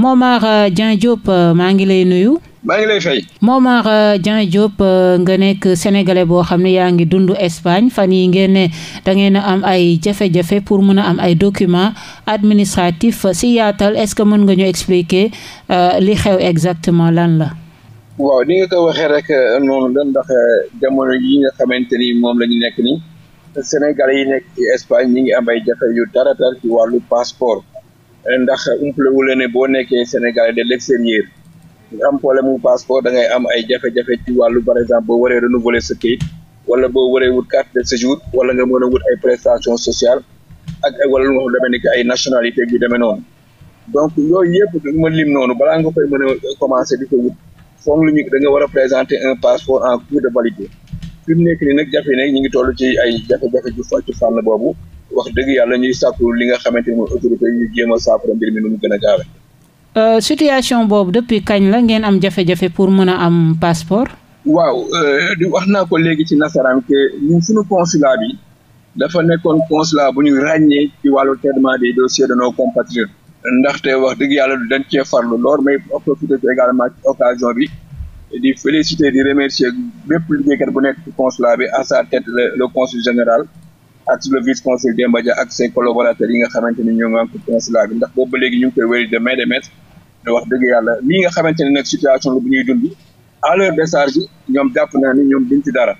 Momar euh, Dieng Diop euh, maa ngi lay nuyu. maa ngi lay fay. Momar euh, Dieng Diop nga nekk sénégalais boo xam ne yaa ngi dund Espagne fan yi ngeen ne da ngeen a am ay jafe-jafe pour mën a am ay documents administratifs si yaatal est-ce que mën nga ñu expliquer li xew exactement lan la. waaw ni nga ko waxee rek noonu la ndax jamono yi nga xamante ni moom la nekk nii sénégalais yi nekk ci Espagne ñi ngi am ay jafe yu dara dara ci wàllu passeport. ndax umpale wu la ne boo nekkee Sénégalais de l'extérieur nga am problème mu passeport da ngay am ay jafe-jafe ci wàllu par exemple boo waree renouveler sa kayit wala boo waree wut carte de séjour wala nga mën a wut ay prestation sociale ak ay wala lu nga demee ni ay nationalité yu demee noonu donc yooyu yëpp ma lim noonu balaa nga koy mën a commencer di ko wut foog lu ñu da nga war a présenter un passeport en cours de validité fi nekk nii nag jafe-jafe ñu ngi toll ci ay jafe-jafe ci boobu. wax dëgg yàlla ñuy sàkku li nga xamante ni mooy autorité yi ñu jéem a mi nu mu gën a gaawe Euh, situation boobu depuis kañ la ngeen am jafe-jafe pour mën a am passeport. waaw euh, di wax naa ko léegi ci nasaraan que ñun suñu consulat bi dafa nekkoon consulat bu ñu ràññee ci wàllu traitement des dossiers de noo compatriotes. ndaxte wax dëgg yàlla dañ cee farlu lool mais profité également ci occasion bi di féliciter di remercier bépp liggéeykat bu nekk ci consulat bi à sa tête le le général. ak le vice conseil Demba Dia ak ses collaborateurs yi nga xamante ni ñoo ngi consulat bi ndax boobu léegi ñu ngi koy wéy de main de maître te wax dëgg yàlla lii nga xamante ne nag situation la bu ñuy dund à leur décharge ñoom jàpp naa ni ñoom duñ dara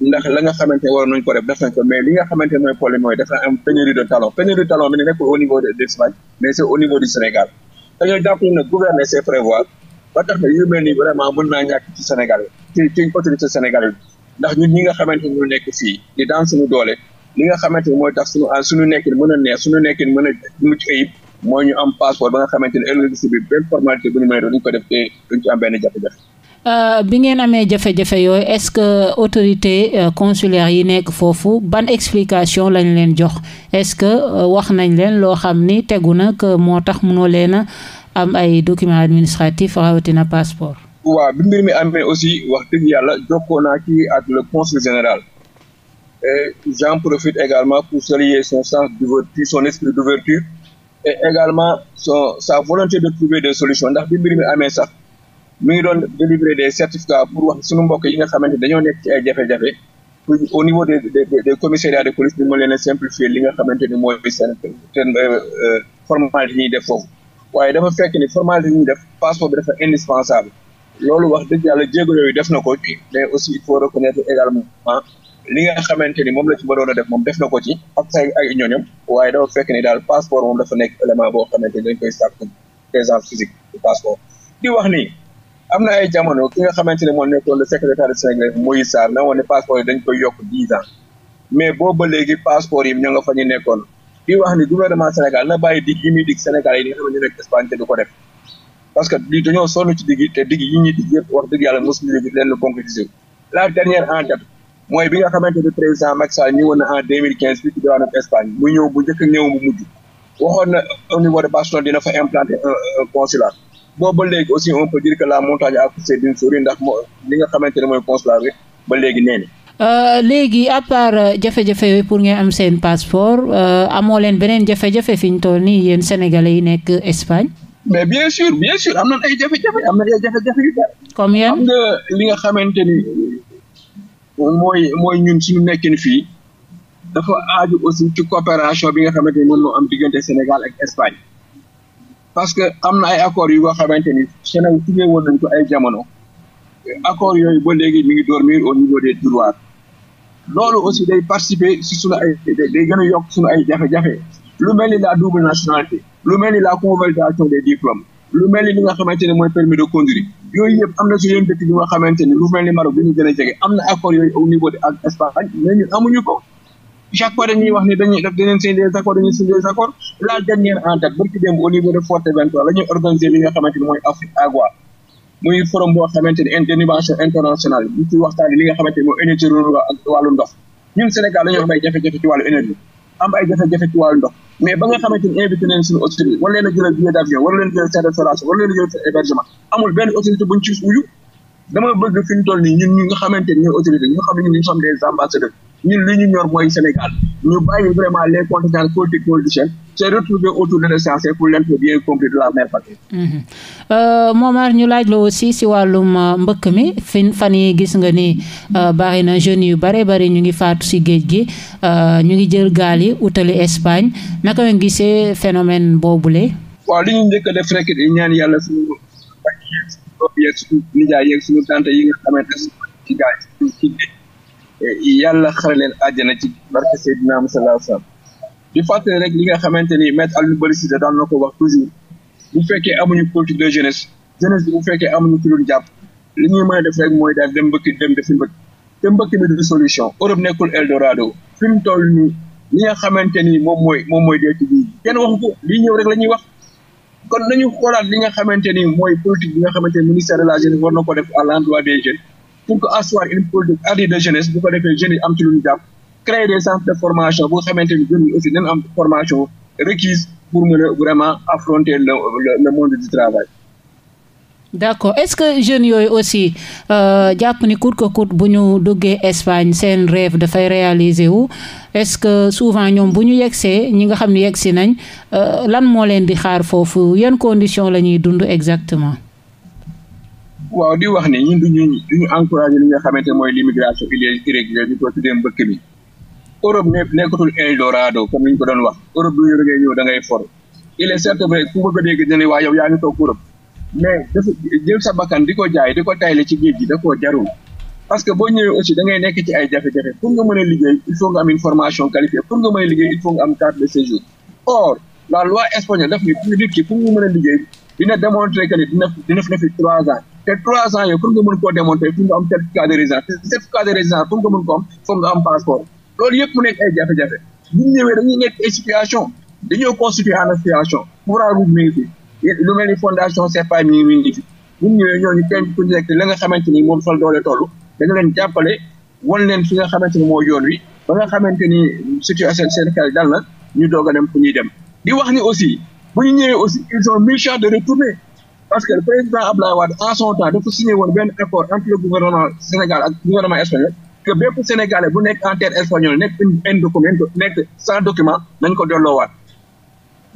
ndax la nga xamante ne waroon nañ ko def def ko mais li nga xamante ne mooy problème mooy dafa am pénurie de talent pénurie de talent bi ne nekk au niveau de l'Espagne mais c'est au niveau du Sénégal te jàpp ne gouverner ndax ñun ñi nga xamante ne nekk fii di suñu doole li nga xamante ni mooy tax su suñu nekkin mën a neex suñu nekkin mën a mucc ayib mooy ñu am passeport ba nga xamante ne ëllëg si biir ko def euh, bi ngeen amee jafe-jafe yooyu est-ce que autorité euh, consulaire yi nekk foofu ban explication lañ leen jox est-ce que euh, wax nañ leen loo xam ni tegu nag moo tax mënoo leen a am ay documents administratifs rawatina passeport. waaw bi mbir mi amee aussi wax dëgg yàlla jokkoo naa ak le consul général. Et j'en profite également pour saluer son sens d'ouverture, son esprit d'ouverture et également son, sa volonté de trouver des solutions ndax bi mbir mi amee sax mi ngi doon délivrer des certificats pour wax suñu mbokk yi nga xamante dañoo nekk ci ay jafe-jafe pour au niveau des des des commissariats de police ñu mën leen a simplifier li nga xamante ni mooy seen seen euh, euh, formalité ñuy def foofu waaye dafa fekk ni formalité ñuy def passeport bi dafa indispensable loolu wax dëgg yàlla jéego yooyu def na ko mais aussi il faut reconnaître également li nga xamante ni moom la ci waroon a def moom def na ko ci ak say ay ñooñam waaye dafa fekk ni daal passeport moom dafa nekk élément boo xamante ni dañ koy wax ni am na ay jamono ki nga xamante ne moo nekkoon le secrétaire d'État du Sénégal Moïse Sarr na woon ne passeport yi dañ koy yokk dix ans mais boobu ba léegi passeport yi ñoo nga fa ñu nekkoon di wax ni gouvernement Sénégal na bàyyi dig yi muy dig Sénégal yi di nga xam ne nekk Espagne du ko def parce que li dañoo sonn ci digg te digg yi ñuy dig dëgg yàlla mosuñu leen concrétiser la en mooy bi nga xamante ne président Macky Sall ñëwoon na en deux mille quinze fii ci diwaanu Espagne mu ñëw bu njëkk ñëw mu mujj waxoon na au niveau de Barcelone dina fa implanter un consulat boobu ba léegi aussi on peut dire la montagne a poussé d'une ndax moo li nga xamante ne mooy consulat bi ba léegi nee euh, léegi à part euh, jafe-jafe yooyu pour ngeen am seen passeport euh, amoo leen beneen jafe-jafe fi ñu toll nii yéen sénégalais yi nekk Espagne. mais bien sûr bien sûr am na ay jafe am na ay jafe-jafe comme yan li nga xamante ni. mooy mooy ñun suñu nekkin fii dafa aaju aussi ci coopération bi nga xamante ni moom moo am diggante Sénégal ak Espagne parce que am na ay accords yu nga xamante ni Sénégal signé woon nañ ko ay jamono accords yooyu ba léegi mi ngi dormir au niveau des tiroirs loolu aussi day participer si suñu ay day gën a yokk suñu ay jafe-jafe lu mel ni la double nationalité lu mel ni la convalidation des diplômes lu mel ni li nga xamante ne mooy permis de conduire yooyu yëpp am na su yeneen dëkk yu nga xamante ne lu mel ni Maroc bi ñu gën a jege am na accord yooyu au niveau de ak Espagne mais ñun amuñu ko chaque fois dañuy wax ne dañuy def dañeen seen des accords dañuy seen des accords la dernière en date barki démb au niveau de Fuerteventura la ñuy organiser li nga xamante ne mooy Afrique Agua muy forum boo xamante ne intervention internationale ñu ci waxtaane li nga xamante ne mooy énergie renouvelable ak wàllu ndox ñun Sénégal dañoo am ay jafe-jafe ci wàllu énergie am ay jafe-jafe ci ndox mais ba nga xamante ni invité nañ suñu autorité war leen a jëlal billet d'avion war leen a jëlal carte de restauration a jëlal amul benn autorité buñ ci wuyu dama bëgg fi ñu toll nii ñun ñi nga xamante ni ñooy autorité ñi nga xam ne ñun ñu sommes des ñun li ñu ñor mooy Sénégal ñu bàyyi vraiment mhm. euh, ñu laaj la aussi si wàllum euh, mbëkk mi fin fan yi gis nga ni euh, bari na jeunes yu bare bari ñu ngi faatu si géej gi ñu ngi jël gaal yi utali Espagne naka nga gisee phénomène boobule. waaw li ñu njëkk def rek di ñaan yàlla suñu mbokk yeeg suñu nijaay yeeg suñu tante yi nga xamante ne ci gaal ci géej Eh, yàlla xare leen àjjana ci barke Seydina Muhammad sallallahu alayhi wa sallam di fàttali rek li nga xamante ni maître Alioune Bari Cissé daal na ko wax toujours bu fekkee amuñu politique de jeunesse jeunesse bi bu fekkee amuñu ci jàpp li ñuy mën a def rek mooy daal dem mbëkki dem defi mbëkk te mbëkk bi solution Europe nekkul Eldorado fi mu toll nii li nga xamante ni moom mooy moom mooy deeti bi kenn waxu ko lii ñëw rek la ñuy wax kon nañu xoolaat li nga xamante ni mooy politique bi nga xamante ni ministère de la jeunesse def à l'endroit des jeunes pour que asseoir une politique ardue de jeunesse bu ko defee jeunes yi am ci lu ñu jàpp créer des centres de formation boo xamante ni jeunes yi am formation requise pour vraiment affronter le, le le ce que jeunes yooyu aussi euh, jàpp ni coûte que coûte bu ñu duggee Espagne seen rêve dafay réaliser wu est-ce que souvent ñoom bu ñu yegsee ñi nga xam ne yegsi nañ euh, lan moo leen di xaar foofu yan conditions la ñuy dund exactement. waaw di wax ne ñun duñu duñu encouragé li nga xamante mooy l'immigration irrégulière ñu ko tuddee mbëkk Europe ne Eldorado comme ni ñu ko doon wax Europe du yore ngay ñëw da ngay for il waa yow yaa ngi toog jël sa bakkan di ko jaay di ko tayle ci géej gi da koo jarul parce que boo ñëwee aussi da ngay nekk ci ay jafe-jafe pour nga mën a liggéey il faut nga am une formation qualifiée nga mën a liggéey il faut nga am carte de séjour or la loi espagnole daf ni nit pour mën a liggéey dina démontrer que ni dina dina ans te trois ans yooyu pour nga mën koo démontrer pour nga am certificat de résidence certificat de résidence pour nga mën ko foog nga am passeport loolu yëpp mu nekk ay jafe-jafe bu ñu ñëwee dañuy nekk ay situation dañoo constitué en association pouvoir rouge mi ngi fi lu mel ni fondation CEPA mi ngi fi bu ñu nekk la nga xamante ni moom fal doole toll dañu leen jàppale wan leen fi nga xamante ni moo yoon wi ba nga xamante ni situation seen xel dal na ñu doog a dem fu ñuy dem di wax ni aussi bu ñu ñëwee aussi ils ont mille chances de retourner parce que le président Abdoulaye Wade en son temps dafa signé benn accord entre le Sénégal ak gouvernement que bépp sénégalais bu nekk en terre espagnole nekk un document nekk sans document nañ ko delloowaat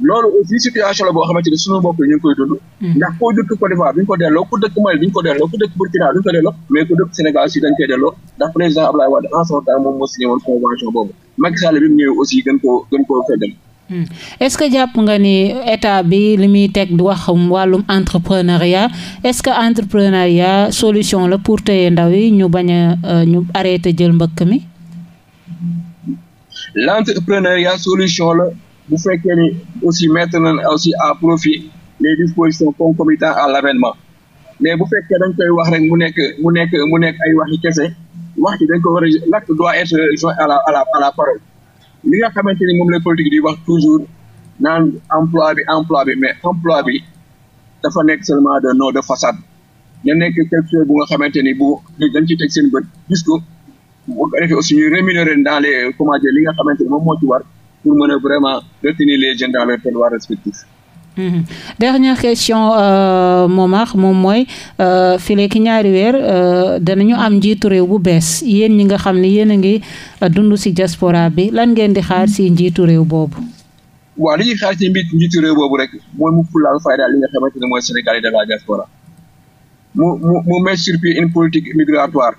loolu aussi situation la boo xamante ni suñu mbokk yi hmm. ndax koo dëkk Côte d'Ivoire bi ko delloo ku dëkk Mali bi ko delloo ku dëkk Burkina bi ko delloo mais ku dëkk Sénégal aussi dañ koy delloo ndax président Abdoulaye Wade en son temps moom moo Hmm. est-ce que jàpp nga ni état bi li muy teg di wax wàllum entrepreneuriat est-ce que entrepreneuriat solution la pour téye ndaw yi ñu bañ a euh, ñu arrêté jël mbëkk mi. l'entrepreneuriat solution la bu fekkee ni aussi mettre nañ aussi à profit les dispositions concomitantes à l'avènement mais bu fekkee dañ koy wax rek mu nekk mu nekk mu nekk ay waxi kese wax ji dañ ko war a l'acte doit être joint à la parole. li nga xamante ni moom lay politique di wax toujours naan emploi bi emploi bi mais emploi bi dafa nekk seulement de no de façade na nekk quelque chose bu nga xamante ni bu dañ ci teg seen bët gis ko bu ko defee aussi ñuy rémunérer dans les comment li nga xamante ni moom moo ci war pour mën a vraiment retenir les jeunes dans leur terroir respectif Mhm. dernière question euh, Momar moom mooy euh, fileeki ñaari weer euh, danañu am njiitu réew bu bees yéen ñi nga xam ne yéen a ngi dund ci diaspora bi lan ngeen di xaar ci njiitu réew boobu. waaw li ñuy xaar ci mbir njiitu réew boobu rek mooy mu fulaal fayda li nga xamante ne mooy Sénégal yi de la mu mu mu mettre sur une politique migratoire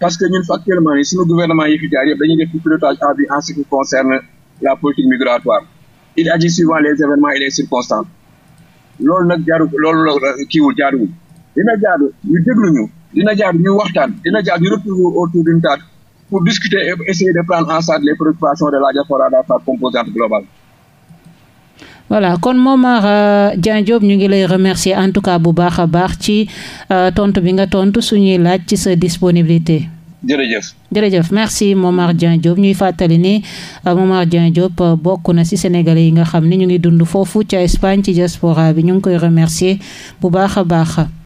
parce que ñun actuellement nii suñu gouvernement yi fi jaar yëpp dañuy def pilotage à vue en ce qui concerne la politique il agit suivant les événements et les circonstances loolu nag jaaru loolu la kiiwul jaaruwul dina jaaru ñu dégluñu dina jaar ñu waxtaan dina jaar ñu retrouver autour d'une pour discuter et de prendre en charge les préoccupations de la diaspora dans sa composante globale. voilà kon Momar euh, Dieng Diop ñu ngi lay remercier en tout cas bu baax a baax ci euh, tontu bi nga tontu suñuy laaj ci sa disponibilité. jërëjëf merci Momar Dieng Diop ñuy fàttali ni euh, Momar Dieng Diop euh, bokk na ci sénégalais yi nga xam ne ñu ngi dund foofu ca Espagne ci diaspora bi ñu ngi koy remercier bu baax a baax.